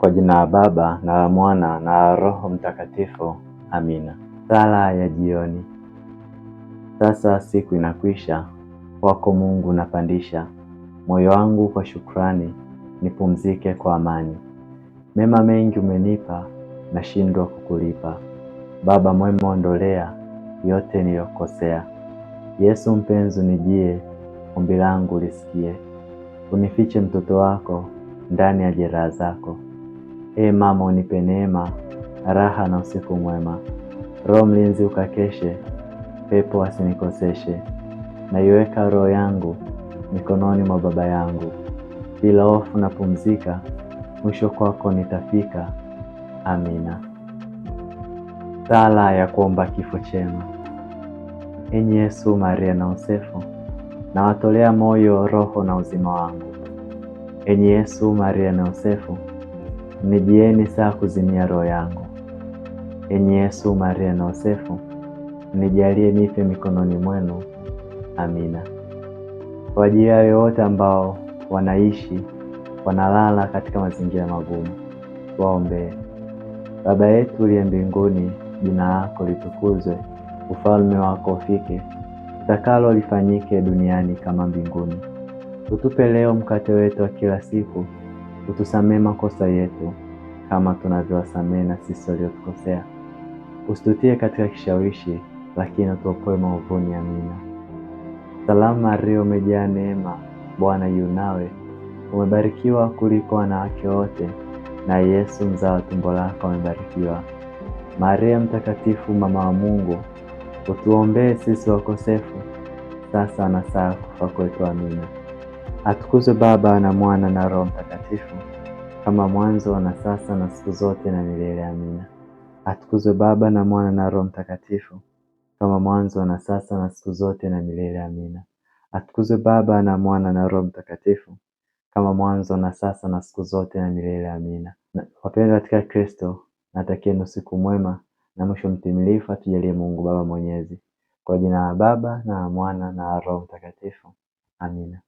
Kwa jina la Baba na la Mwana na la Roho Mtakatifu, amina. Sala ya jioni. Sasa siku inakwisha, kwako Mungu napandisha moyo wangu kwa shukrani, nipumzike kwa amani. Mema mengi umenipa, nashindwa kukulipa. Baba mwema, ondolea yote niliyokosea. Yesu mpenzi, nijie ombi langu lisikie. Unifiche mtoto wako ndani ya jeraha zako Ee Mama, unipe neema, raha na usiku mwema. Roho mlinzi ukakeshe, pepo asinikoseshe. Naiweka roho yangu mikononi mwa Baba yangu, bila hofu napumzika, mwisho kwako nitafika. Amina. Sala ya kuomba kifo chema. Enyi Yesu, Maria na Yosefu, nawatolea moyo, roho na uzima wangu. Enyi Yesu, Maria na Yosefu nijieni saa kuzimia roho yangu. Enyi Yesu, Maria na Yosefu, nijalie nife mikononi mwenu. Amina. Kwa ajili ya yoyote ambao wanaishi wanalala katika mazingira magumu, waombee. Baba yetu uliye mbinguni, jina lako litukuzwe, ufalme wako ufike, utakalo lifanyike duniani kama mbinguni. Utupe leo mkate wetu wa kila siku utusamee makosa yetu kama tunavyowasamee na sisi waliotukosea, usitutie katika kishawishi, lakini utuopoe maovuni. Amina. Salamu Maria, umejaa neema, Bwana yu nawe, umebarikiwa kuliko wanawake wote, na Yesu mzao wa tumbo lako amebarikiwa. Maria Mtakatifu, mama wa Mungu, utuombee sisi wakosefu, sasa na saa kufa kwetu. Amina. Atukuzwe Baba na Mwana na Roho Mtakatifu, kama mwanzo na sasa na siku zote na milele. Amina. Atukuzwe Baba na Mwana na Roho Mtakatifu, kama mwanzo na sasa na siku zote na milele. Amina. Atukuzwe Baba na Mwana na Roho Mtakatifu, kama mwanzo na sasa na siku zote na milele. Amina. Wapendwa katika Kristo, natakia ni usiku mwema na mwisho mtimilifu atujalie Mungu Baba Mwenyezi, kwa jina la Baba na Mwana na Roho Mtakatifu. Amina.